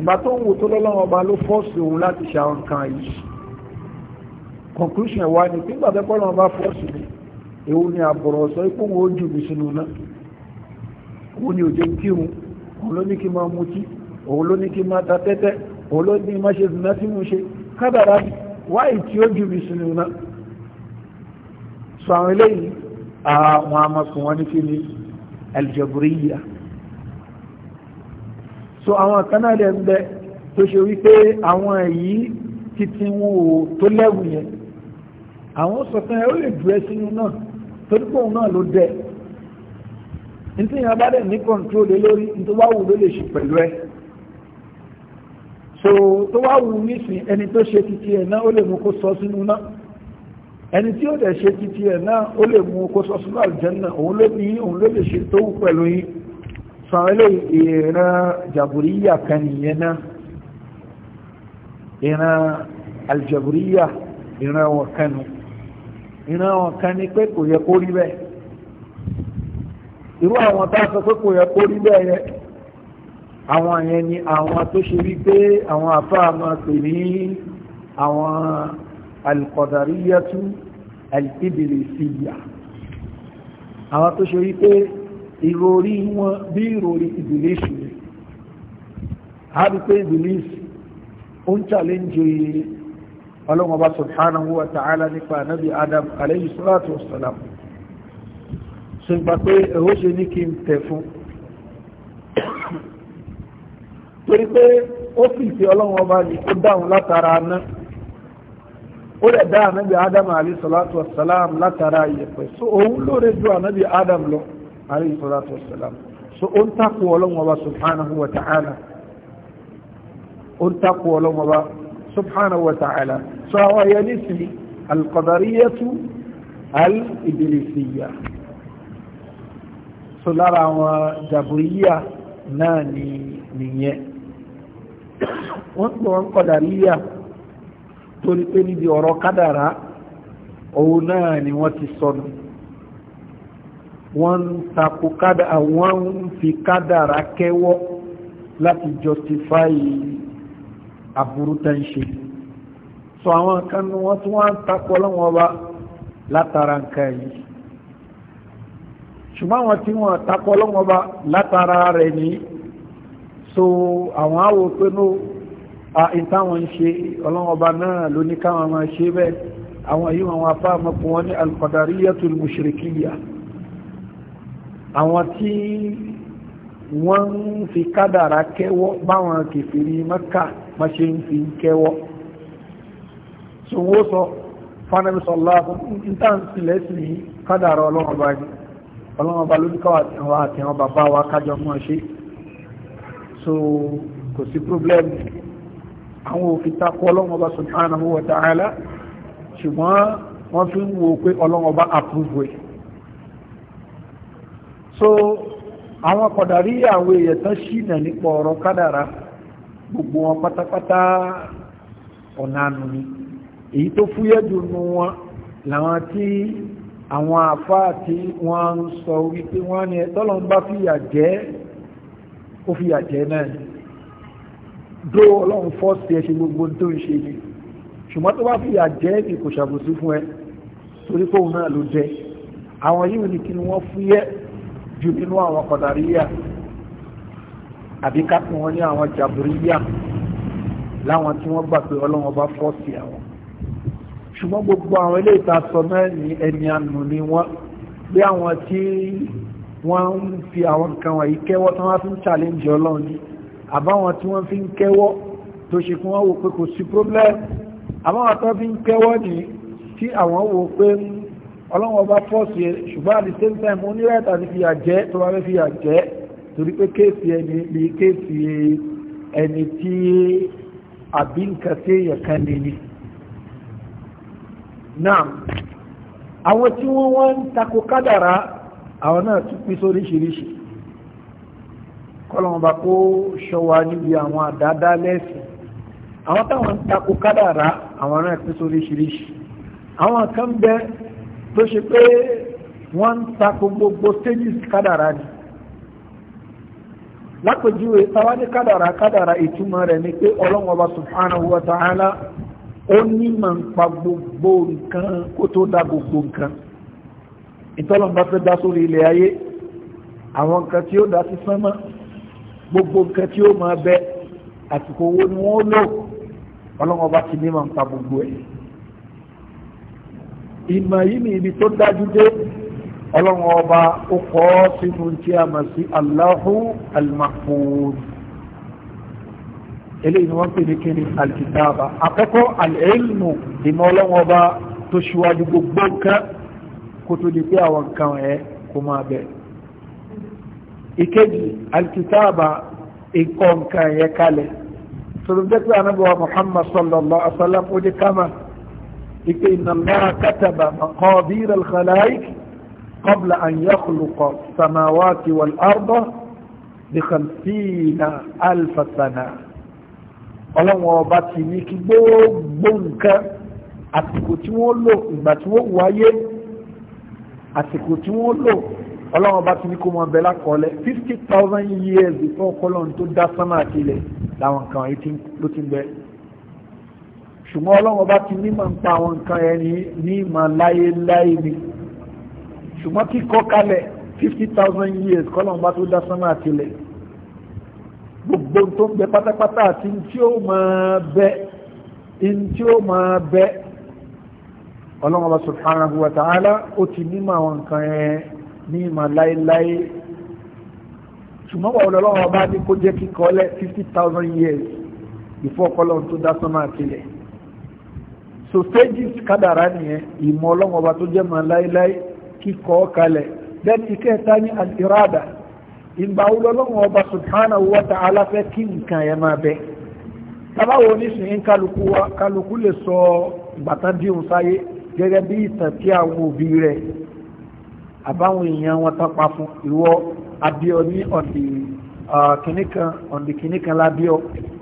ìgbà tó ń wò tó lọ́lọ́wọ́ ọba ló fọ́ọ̀sì òun láti ṣe àwọn nǹkan yìí conclusion wa ni pé gbàgbé pọ́lọ́ ọba fọ́ọ̀sì ni èwo ni àbọ̀rọ̀ sọ ipò wọn jù mí sínú náà òun ni òjò kírun òun ló ní kí n máa mutí òun ló ní kí n máa ta tẹ́tẹ́ òun ló ní máa ṣe zùnà tí mo ṣe kádàrá wáyé tí ó jù mí sínú náà sọ àwọn eléyìí àwọn amọ̀sùn wọn ní kí ni aljabriya so àwọn kan náà dẹ̀ ń bẹ tó ṣe wípé àwọn èyí títí wọn ò tó lẹ́wù yẹn àwọn sọ fún ẹ ó lè jù sínú náà torí òun náà ló dẹ nítorí yẹn bá dẹ̀ ní control lé lórí nítorí wá wù ló lè ṣe pẹ̀lú ẹ so tó wá wù nísìn ẹni tó ṣe títí ẹ náà ó lè mú kó sọ sínú náà ẹni tí ó dẹ̀ ṣe títí ẹ náà ó lè mú kó sọ sínú àlùjànnà òun ló ní òun ló lè ṣe tó wù pẹ̀lú yìí sàwẹ́lẹ̀ ìran jàbùríyà kan nìyẹn náà ìran aljàbùríyà ìran wọn kan nù ìran wọn kan ní pé kò yẹ kó rí bẹ́ẹ̀ irú àwọn tá a sọ pé kò yẹ kó rí bẹ́ẹ̀ yẹ àwọn yẹn ni àwọn tó ṣe wípé àwọn àfáà máa pè ní àwọn alqadariyatu alìbìrìsíyà àwọn tó ṣe wípé ìròrí wọn bí ìròrí ìbìlísì ni a rí pé ìbìlísì ó ń challenge ọlọ́wọ́n bá subhanahu wa ta'ala nípa anábì adam alayhi salatu wassalam ṣe gbà pé ẹ̀hó ṣe ní kí n tẹ̀ fún torí pé ó fi ìfẹ́ ọlọ́wọ́n bá ní ó dáhùn látara náà ó lè dá anábì adam alayhi salatu wassalam látara ìyẹ̀pẹ̀ so òun lóore ju anábì adam lọ alayhi salatu wasalam so ó ń takò ọlọ́run ọba subhanahu wa ta'ala ó ń takò ọlọ́run ọba subhanahu wa ta'ala so àwọn ayé nísìnyí alqadariyatu al-ibilisiyya so lára àwọn jàbúríyà náà ni nìyẹn wọ́n pè wọ́n kọ̀dàríyà torí pé níbi ọ̀rọ̀ kádàrá òun náà ni wọ́n ti sọnù wọ́n ń takò kádàrá wọ́n ń fi kádàrá kẹ́wọ́ láti justify aburú So ń ṣe sọ àwọn kan ní wọ́n tún wá ń takò lọ́wọ́ wa látara nǹkan yìí ṣùgbọ́n àwọn tí wọ́n takò lọ́wọ́ wa látara rẹ̀ ní so àwọn àwò pé ní ìtàwọn ń ṣe ọlọ́wọ́ bá náà lóníkàwọn máa ṣe bẹ́ẹ̀ àwọn yìí wọn wá fáwọn ọmọkùnrin ní al-qadariyatul mushrikiyya àwọn tí wọ́n ń fi kádàrá kẹ́wọ́ báwọn kèfèrí mẹ́kà ma ṣe ń fi kẹ́wọ́ so wó sọ fánàbí sọlá ìtànsílẹ̀ sí kádàrá ọlọ́mọba ni ọlọ́mọba ló ní káwà àti àwọn so kò sí problem àwọn òfin takọ ọlọ́mọba subhanahu wa ta'ala ṣùgbọ́n wọ́n fi ń wo pé ọlọ́mọba approve way so àwọn kọ̀dàrí àwọn èèyàn tán ṣìnà nípa ọ̀rọ̀ kádàrá gbogbo wọn pátápátá ọ̀nà ni èyí tó fúyẹ́ dùnú wọn làwọn tí àwọn àfá àti wọn ń sọ wípé wọ́n ní ẹ̀tọ́lọ́ ń bá fìyà jẹ́ ó fìyà jẹ́ náà dó ọlọ́run fọ́ọ̀sì ẹṣin gbogbo tó ń ṣe ni ṣùgbọ́n tó bá fìyà jẹ́ ni kò ṣàbòsí fún ẹ torí pé òun náà ló jẹ àwọn yìí ni kí ni wọ́n fúyẹ́ jù nínú àwọn kọ̀dàríyà àbí kápẹ́ wọn ní àwọn jàbúríyà láwọn tí wọ́n gbà pé ọlọ́wọ́n bá fọ́ọ̀sì àwọn ṣùgbọ́n gbogbo àwọn ilé ìtasọ náà ẹni ànù ni wọ́n bí àwọn tí wọ́n ń fi àwọn nǹkan wọ̀nyí kẹ́wọ́ tí wọ́n fi ń challenge ọlọ́run ní àbáwọn tí wọ́n fi ń kẹ́wọ́ tó ṣe kí wọ́n wò pé kò sí problem àbáwọn tó fi ń kẹ́wọ́ ní tí àwọn wò pé ọlọ́wọ́n bá fọ́ọ̀sì ẹ ṣùgbọ́n at the same time onírẹ̀tà àti fìyà jẹ́ tó bá fẹ́ fìyà jẹ́ torí pé kéèsì ẹni bí kéèsì ẹni tí àbí nǹkan tí èèyàn kan lè ní. náà àwọn tí wọ́n wọ́n ń takò kádàrá àwọn náà tún pín sóríṣiríṣi kọ́lọ́wọ́n bá kó ṣọwa níbi àwọn àdáadá lẹ́sìn àwọn táwọn ń takò kádàrá àwọn náà pín sóríṣiríṣi àwọn kan bẹ́ẹ̀ tó ṣe pé wọ́n ń tako gbogbo stages kádàrá ni lápèjúwe táwa ní kádàrá kádàrá ìtumọ̀ rẹ̀ ni pé ọlọ́wọ́n ọba subhanahu wa ta'ala ó ní màá ń pa gbogbo nǹkan kó tó dá gbogbo nǹkan ìtọ́lọ́mbà fẹ́ dá sórí ilẹ̀ ayé àwọn nǹkan tí ó dá sí sánmọ́ gbogbo nǹkan tí ó máa bẹ àsìkò owó ni wọ́n lò ọlọ́wọ́n ti ní màá ń pa gbogbo ẹ̀ ìmọ̀ yìí ni ibi tó dájú dé ọlọ́run ọba ó kọ́ sínú tí a mọ̀ sí Allahu al-Mahfuz eléyìí ni wọ́n pè ní kíni alkitaba àkọ́kọ́ al-ilmu ìmọ̀ ọlọ́run ọba tó ṣíwájú gbogbo nǹkan kó tó di pé àwọn nǹkan ẹ̀ kó máa bẹ̀. ìkejì alkitaba ìkọ̀ nǹkan ẹ̀ kalẹ̀ sọ̀rọ̀ jẹ́ pé anábọ̀ Muhammad sallallahu alaihi wa sallam kámà ike inna Allaha kataba maqadir al-khalaiq qabla an yakhluqa samawati wal arda bi khamsina alfa sana ọlọ́wọ́n ọba ti ní kí gbogbo nǹkan àsìkò tí wọ́n lò ìgbà tí wọ́n wáyé àsìkò tí wọ́n lò ọlọ́wọ́n bá ti ní kó mọ ọbẹ̀ lákọọ́lẹ̀ fifty thousand years before kọ́lọ́n tó dá sánmà àti ilẹ̀ làwọn kan ló ti ń bẹ́ẹ̀ ṣùgbọ́n ọlọ́run bá ti nímọ̀ ń pa àwọn nǹkan ẹni ní ìmọ̀ láyé láyé ni ṣùgbọ́n kíkọ́ kalẹ̀ fifty thousand years kọ́lọ́run bá tó dá sánmà àtìlẹ̀ gbogbo tó ń bẹ pátápátá àti tí ó máa bẹ tí ó máa bẹ ọlọ́run bá subhanahu wa ta'ala ó ti nímọ̀ àwọn nǹkan ẹ ní ìmọ̀ láyé láyé ṣùgbọ́n wà ọlọ́run bá ní kó jẹ́ kíkọ́ lẹ̀ fifty thousand years before kọ́lọ́run tó dá àtìlẹ̀ so stages kádàrá nìyẹn ìmọ̀ ọlọ́run ọba tó jẹ́ mọ́ láíláí kíkọ́ kalẹ̀ then ìkẹta ní al-irada ìgbà wo lọ́lọ́run ọba subhanahu wa ta'ala fẹ́ kí nǹkan yẹn máa bẹ tábàwọ̀ oníṣìyìn kálukú wa kálukú lè sọ ìgbàtán sáyé gẹ́gẹ́ bí ìtàn tí àwọn òbí rẹ̀ àbáwọn èèyàn wọn tán pa fún ìwọ abíọ́ní on the kìnníkan ah, ọ̀ndì kìnníkan lábíọ́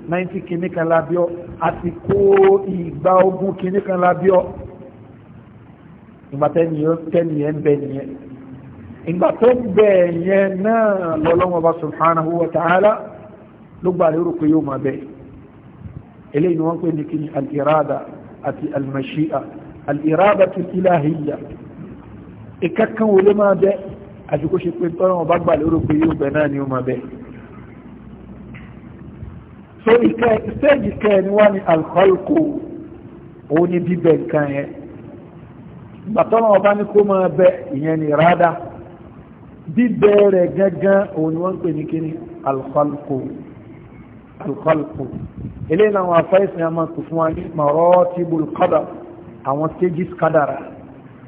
90 kìnníkan lábíọ́ àsìkò ìgbà ogun kìnníkan lábíọ́ ìgbàtẹ́niyàn bẹ nìyẹn ìgbàtẹ́ bẹ yẹn náà lọ́lọ́wọ́ba subhanahu wa ta'ala ló gbà lérò pé yóò máa bẹ eléyìí ni wọ́n pè ní kìnní al-irada àti al-mashi'a al-irada ti ilahiyya ìkankan wo ló máa bẹ àti kó ṣe pé tọ́lọ́wọ́ba gbà lérò pé yóò bẹ náà ni ó máa bẹ so stage kẹni wá ní alkọ́lùkù òun ní bíbẹ̀ nǹkan yẹn gbàtọ́nà ọba ní kó máa bẹ ìyẹn ní rádá bíbẹ̀ rẹ̀ gángan òun ni wọ́n ń pè ní kíní alkọ́lùkù alkọ́lùkù eléyìí làwọn afẹ́sìn àmọ́ kò fún wa ní mọ̀rọ́ tí bol kọ́dà àwọn stages kádàrà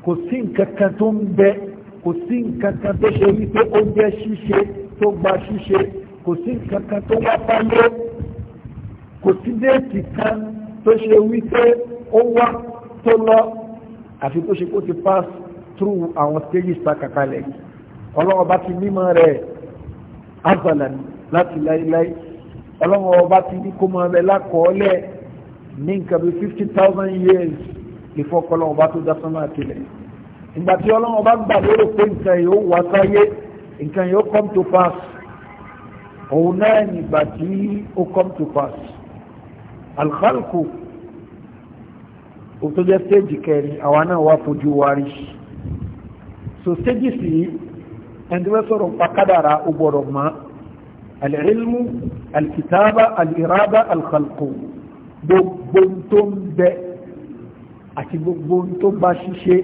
kò sí nǹkan tó ń bẹ kò sí nǹkan tó ṣe wípé ó jẹ́ ṣíṣe tó gba ṣíṣe kò sí nǹkan tó wá fáyé kò sí déètì kan tó ṣe wípé ó wá tó lọ àfi tó ṣe kó ti pass through àwọn stages ta kàkalẹ̀ yìí ọlọ́wọ́ bá ti mímọ́ rẹ̀ azalan láti láíláí ọlọ́wọ́ bá ti ní kó máa bẹ lákọọ́lẹ̀ ní nǹkan bí fifty thousand years before kọlọ́wọ́ bá tó dá sánmà àtìlẹ̀ ìgbà tí ọlọ́wọ́ bá gbà lérò pé nǹkan yóò wá sáyé nǹkan yóò come to pass òun náà nígbà tí ó come to pass alkhalku o tó jẹ́ stage kẹrin àwa náà wá fojú wárí so stages yìí ẹni wọ́n sọ̀rọ̀ pa kádàrá ó gbọ́dọ̀ mọ́ alìlmù alkitaba alirada alkhalku gbogbo tó ń bẹ àti gbogbo tó bá ṣiṣẹ́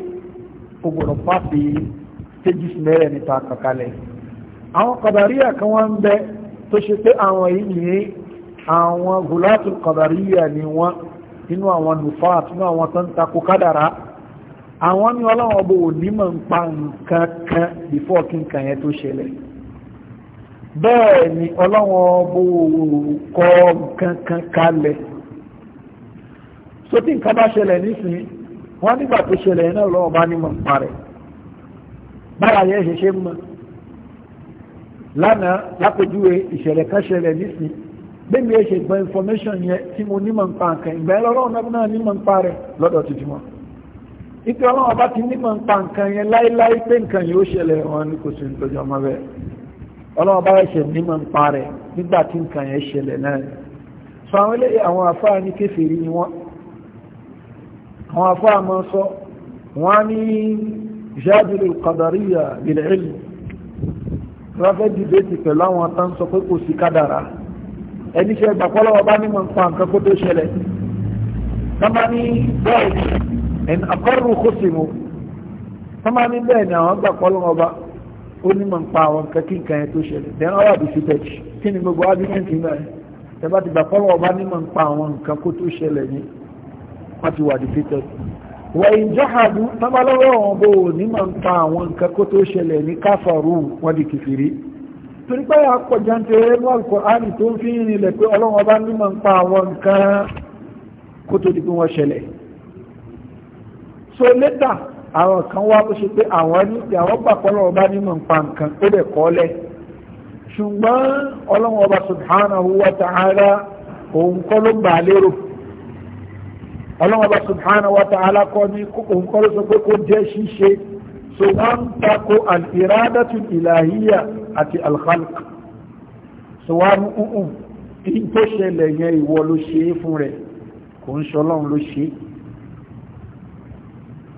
ó gbọ́dọ̀ stages mẹ́rẹ̀ níta kàkálẹ̀ àwọn kàdàríyà kan ń bẹ tó ṣe pé àwọn yìí nìyẹn àwọn gùlátù kọ̀dàríyà ni wọ́n nínú àwọn nùfàt nínú àwọn tó ń takò kádàrá àwọn ní ọlọ́wọ́ bó onímọ̀ ń pa nǹkan kan before kí nǹkan yẹn tó ṣẹlẹ̀ bẹ́ẹ̀ ni ọlọ́wọ́ bó kọ nǹkan kan kalẹ̀ so tí nǹkan bá ṣẹlẹ̀ nísìnyí wọ́n nígbà tó ṣẹlẹ̀ yẹn náà ọlọ́wọ́ bá nímọ̀ ń parẹ̀ bára yẹn ṣe mọ̀ lánàá lápèjúwe ìṣẹ̀lẹ̀ kan ṣẹlẹ̀ nísìnyí bẹ́ẹ̀ni ẹ ṣe gbọ́ information yẹn tí mo nímọ̀ ń pa nǹkan ìgbà ẹ lọ́rọ́ ọ̀nà náà nímọ̀ ń pa rẹ̀ lọ́dọ̀ ti tiwọn ìpè ọlọ́run ọba ti nímọ̀ ń pa nǹkan yẹn láíláí pé nǹkan yìí ṣẹlẹ̀ wọn ní kò sí nítorí ọmọ rẹ̀ ọlọ́run ọba ẹ̀ṣẹ̀ nímọ̀ ń pa rẹ̀ nígbà tí nǹkan yẹn ṣẹlẹ̀ náà sọ àwọn ilé àwọn afáà ní kèfèrí ni wọ́n àwọn afáà máa sọ wọ́n ní jadil al-qadariyya bil dìbẹ́tì pẹ̀lú àwọn tán pé kò sí kádàrá ẹni ṣe ẹgbà fọlọ́wọ́ bá ní mọ̀ nǹkan nǹkan kó tó ṣẹlẹ̀ tọ́mà ní bẹ́ẹ̀ ni ẹni àkọ́rù kó sì mú tọ́mà ní bẹ́ẹ̀ ni àwọn gbà fọlọ́wọ́ bá ó ní mọ̀ nǹkan àwọn nǹkan kí nǹkan yẹn tó ṣẹlẹ̀ dẹ́n ọwọ́ àbí sí tẹ̀jì kí ni gbogbo ábíyẹ́ǹtì náà ẹ bá ti gbà bá ní nǹkan àwọn nǹkan kó tó ṣẹlẹ̀ ni wọ́n ti wà defeated wọ́n jọ́hàdù tọ́mà lọ́wọ́ àwọn bò ní nǹkan àwọn nǹkan kó tó ṣẹlẹ̀ ní káfàrú wọ́n di kìfìrí torí pé àpọ̀jà ń tẹ̀lé mọ́ Al-Qur'ani tó ń fi rìn ilẹ̀ pé ọlọ́run ọba ní máa ń pa àwọn nǹkan kó tó di pé wọ́n ṣẹlẹ̀ so later àwọn kan wá bó ṣe pé àwọn ní ti àwọn gbà pọ́ ọlọ́run ọba ní máa ń pa nǹkan ó dẹ̀ kọ́ lẹ̀ ṣùgbọ́n ọlọ́run ọba subhanahu wa ta'ala òun kọ́ ló gbà lérò ọlọ́run ọba subhanahu wa ta'ala kọ́ ní òun kọ́ ló sọ pé kó jẹ́ ṣíṣe so wọ́n tako al-iradatul ilahiyya àti al-khalq so wọ́n ń ń tó ṣẹlẹ̀ yẹn ìwọ ló ṣe é fún rẹ̀ kò ń ṣọlọ́run ló ṣe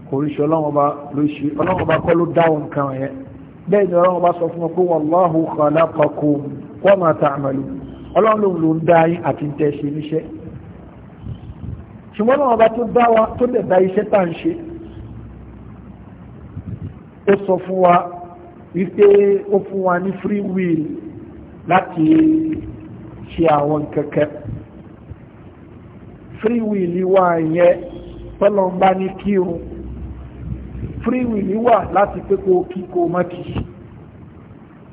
kò ń ṣọlọ́run ọba ló ṣe ọlọ́run ọba kọ́ ló dáhùn nǹkan yẹn bẹ́ẹ̀ ni ọlọ́run ọba sọ fún wọn pé wallahu khalaqakum wa ma ta'malun ọlọ́run lòun ló ń dá yín àti ń tẹ́ ṣe níṣẹ́ ṣùgbọ́n ọlọ́run ọba tó dá wa tó lè dá iṣẹ́ tá à ń ṣe ó sọ fún wa wípé ó fún wa ní free will láti ṣe àwọn kẹ̀kẹ́ free will wà yẹn tọ́lọ́mbá ní kírun free will wà láti pé kó kí kó má kì í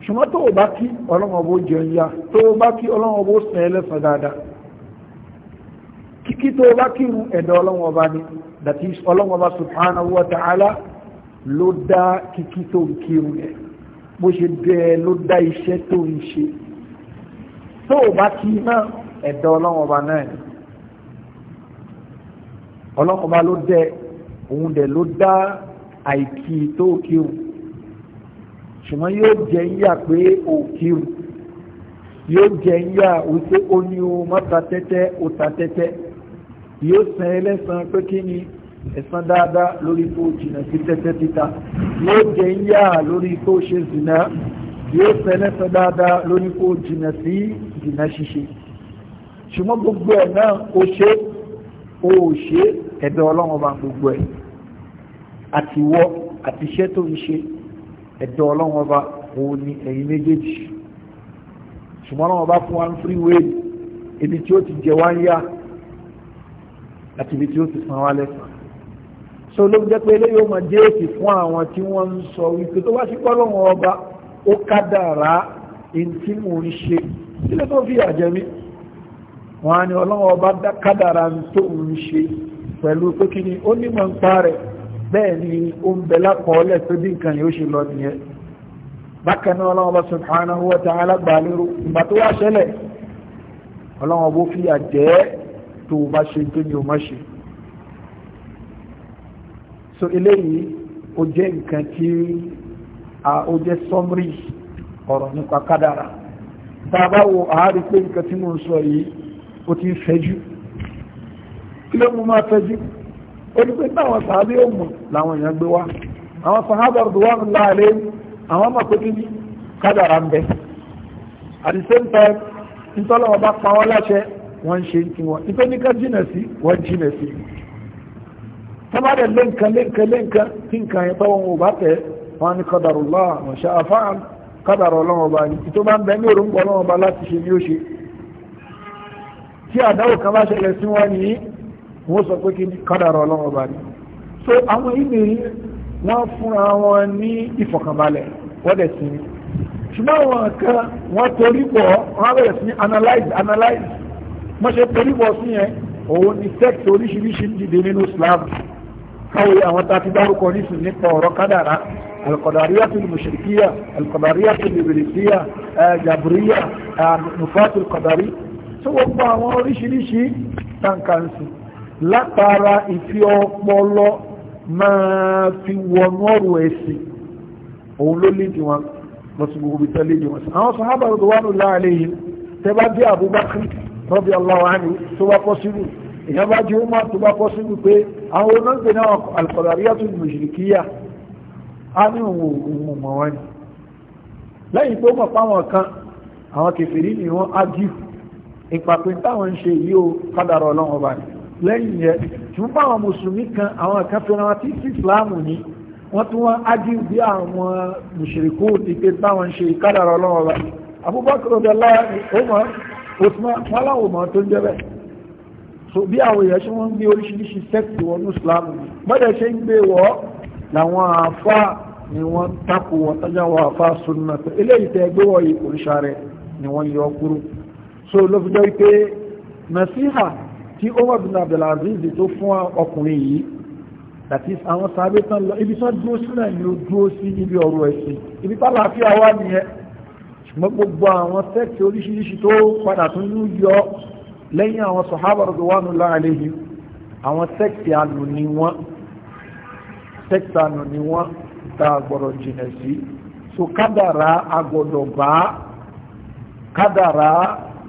ṣùgbọ́n tó o bá kí ọlọ́run ọbọ̀ jẹun ya tó o bá kí ọlọ́run ọbọ̀ sàn ẹ́ lẹ́sàn dáadáa kíkí tó o bá kírun ẹ̀dọ̀ ọlọ́run ọba ni that is ọlọ́run ọba subhanahu wa ta'ala ló dá kíkí tó ń kírun ẹ̀ bó ṣe bẹ́ẹ̀ ló dá iṣẹ́ tó ń ṣe tó o bá kí náà ẹ̀dá ọlọ́run ọba náà ni ọlọ́run ọba ló dẹ òun dẹ̀ ló dá àìkí tó kírun ṣùgbọ́n yóò jẹ́ yíyà pé ò kírun yóò jẹ yá wípé ó ní o má tẹ́tẹ́ ó ta tẹ́tẹ́ yóò san ẹlẹ́sàn pé kí ni ẹ̀san dáadáa lórí tó jìnà sí tẹ́tẹ́ títa yóò jẹ yíyá lórí tó ṣe zìnà yóò fẹ́lẹ́sẹ̀ dáadáa lórí tó jìnà sí zìnà ṣíṣe ṣùgbọ́n gbogbo ẹ̀ náà ó ṣe ó ṣe ẹ̀bẹ̀ ọlọ́run ọba gbogbo ẹ̀ àtiwọ́ àtiṣẹ́ tó ń ṣe ẹ̀dọ̀ ọlọ́run ọba òun ni ẹ̀yin méjèèjì ṣùgbọ́n ọlọ́run ọba fún wa ń free way ibi tí ó ti jẹ wá ń yá àti ibi tí ó ti san wá lẹ́sàn so ló jẹ́ pé eléyìí ó mọ déètì fún àwọn tí wọ́n ń sọ wípé tó bá sí pọ́ lọ́wọ́ ọba ó kádàrá in tí mò ń ṣe sílé tó fi àjẹmí wọn á ní ọlọ́wọ́ ọba kádàrá tó ń ṣe pẹ̀lú pé kí ni ó nímọ̀ ń pa rẹ̀ bẹ́ẹ̀ ni ó ń bẹ lákọọ́lẹ̀ pé bí nǹkan yóò ṣe lọ nìyẹn bákan náà ọlọ́wọ́ ọba subhanahu wa ta'ala gbà ìgbà tó wá ṣẹlẹ̀ ọlọ́wọ́ ọba ó fi àjẹ́ tó bá ṣe tó ni ó má ṣe so eléyìí ó jẹ́ nǹkan tí ó jẹ́ sọmrí ọ̀rọ̀ nípa kádàrà tá a bá wo àárí pé nǹkan tí mo ń sọ yìí ó ti ń fẹ́jú kí ló mú máa fẹ́jú ó ní pé táwọn sàábé ó mọ̀ làwọn èèyàn gbé wá àwọn sàábà wà láàrin àwọn ọmọ pé kí kádàrà ń bẹ at the same time nítorí bá pa wọn láṣẹ wọn ń ṣe tiwọn ìpè ní ká jìnà sí wọn jìnà sí tọ́bàdẹ̀ lẹ́nkan lẹ́nkan lẹ́nkan tí nǹkan yẹn tọ́wọ́n ò bá tẹ̀ wọ́n ní qadarullah wa sha'a fa'al kádàrọ̀ ọlọ́run ọba ní tó bá ń bẹ ní òrùngbọ̀ ọlọ́run ọba láti ṣe bí ó ṣe tí kan bá ṣẹlẹ̀ sí wọ́n ní wọ́n sọ pé kí kádàrọ̀ ọlọ́run ọba ní so àwọn ìbèrè wọ́n fúnra wọn ní ìfọ̀kànbalẹ̀ wọ́n dẹ̀ sí ní ṣùgbọ́n àwọn kan wọ́n torí bọ̀ wọ́n bẹ̀rẹ̀ sí analyze analyze wọ́n ṣe torí bọ̀ sí yẹn òun ni sect oríṣiríṣi dìde nínú Islam káwé àwọn tá a ti dárúkọ nísìnyí nípa ọ̀rọ̀ kádàrá القدرية المشركية القدرية الإبليسية جبرية نفاة القدري tó gbogbo àwọn oríṣiríṣi tankansi látara ìfi ọpọlọ máa fi wọnú ọ̀rọ̀ ẹ̀sìn òun ló lédi wọn lọ́sùgbogbo bí tẹ́ lédi wọn sí àwọn sàhábà rọ̀dọ̀wọ́nù láàrin yìí tẹ́ bá bí Abubakar radiyallahu anhu tó wá pọ̀ sírù èèyàn bá ju umar tó bá kọ́ sínú pé àwọn olóńgbè náà alkọ̀dàríyà tó lù ṣìríkíyà á ní òun mọ̀ ni lẹ́yìn tó mọ̀ fáwọn kan àwọn kèfèrí ni wọ́n á jù ìpàpín táwọn ń ṣe yìí ó kádàrọ̀ ọlọ́run ọba ni lẹ́yìn yẹn tún bá àwọn mùsùlùmí kan àwọn kan fẹ́ràn wọn tí sí islam ní wọ́n tún bí àwọn mùṣírikù ti pé táwọn ṣe kádàrọ̀ ọlọ́run ọba abubakar ọ̀dọ́lá ọmọ osman láwọn ọmọ tó ń jẹ́ bẹ́ẹ̀ so bí àwọn èèyàn ṣe wọ́n ń gbé oríṣiríṣi sẹ́ẹ̀tì wọnú islam gbọ́dọ̀ ṣe ń gbé wọ́ làwọn àfa ni wọ́n tako wọ́n tájà wọ́n àfa sunna pé eléyìí tẹ́ gbé wọ́n yìí òrìṣà rẹ̀ ni wọ́n yọ kúrú so ló fi jẹ́ pé nasiha tí Umar bin Abdulaziz tó fún ọkùnrin yìí àti àwọn sàábé tán lọ ibi tán dúró sí ni ó dúró sí ibi ọ̀rọ̀ ẹ̀sìn ibi pálàáfíà wà nìyẹn ṣùgbọ́n gbogbo àwọn sẹ́ẹ̀tì oríṣiríṣi tó padà tún yọ lẹ́yìn àwọn sọ̀hábà radwanullahi alayhim àwọn sẹ́kìtì ànù ni wọ́n sẹ́kìtì ànù ni wọ́n tá a gbọ́dọ̀ jìnà sí so kádàrá agbọ́dọ̀ bá kádàrá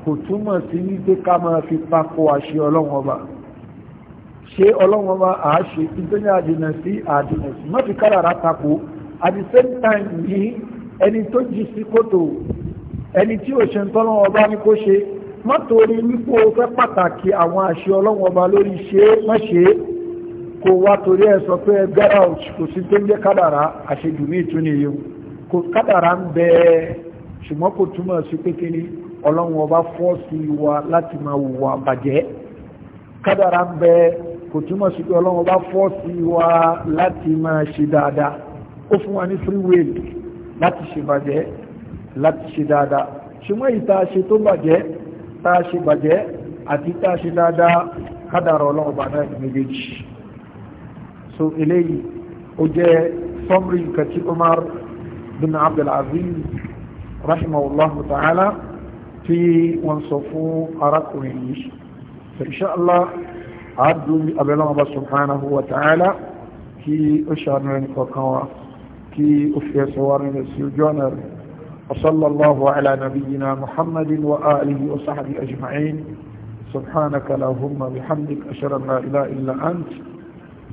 kò túmọ̀ sí wípé ká máa fi tako àṣẹ ọlọ́wọ́n ọba ṣe ọlọ́wọ́n àáṣe ìtọ́jú àdìnà sí àdìnà sí má fi kádàrá tako at the same time ní ẹni tó jì sí kòtò ẹni tí ò ṣe ń tọ́lọ́wọ́n ọba ní kó ṣe má torí wípé o fẹ́ pàtàkì àwọn àṣẹ ọlọ́wọ́n ọba lórí ṣe é má ṣe é kó wá torí ẹ sọ pé get out kò sí tó ń jẹ́ kádàrá àṣejù ní ìtún ni yìí kò kádàrá ń bẹ ṣùgbọ́n kò túmọ̀ sí pé kí ni ọlọ́run ọba fọ́ọ̀sì wa láti máa wùwà bàjẹ́ kádàrá ń bẹ kò túmọ̀ sí pé ọlọ́run ọba fọ́ọ̀sì wa láti máa ṣe dáadáa ó fún wa ní free láti ṣe bàjẹ́ láti ṣe dáadáa ṣùgbọ́n ìta ṣe tó bàjẹ́ tá a ṣe bàjẹ́ àti tá a ṣe dáadáa kádàrà ọlọ́run bá náà méjèèjì so eléyìí ó jẹ́ sọmrí nǹkan tí Umar bin Abdulaziz rahimahullah ta'ala tí wọ́n sọ fún arákùnrin yìí so inshallah àádùn abẹ́lọ́wọ́n bá subhanahu wa ta'ala kí ó ṣàánú ẹnì kọ̀ọ̀kan wa kí ó fi ẹsẹ̀ wa rìn sí ojú ọ̀nà rẹ̀ وصلى الله على نبينا محمد وآله وصحبه أجمعين سبحانك اللهم بحمدك أشهد أن لا إله إلا أنت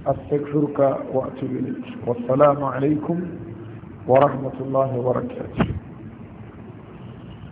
أستغفرك وأتوب إليك والسلام عليكم ورحمة الله وبركاته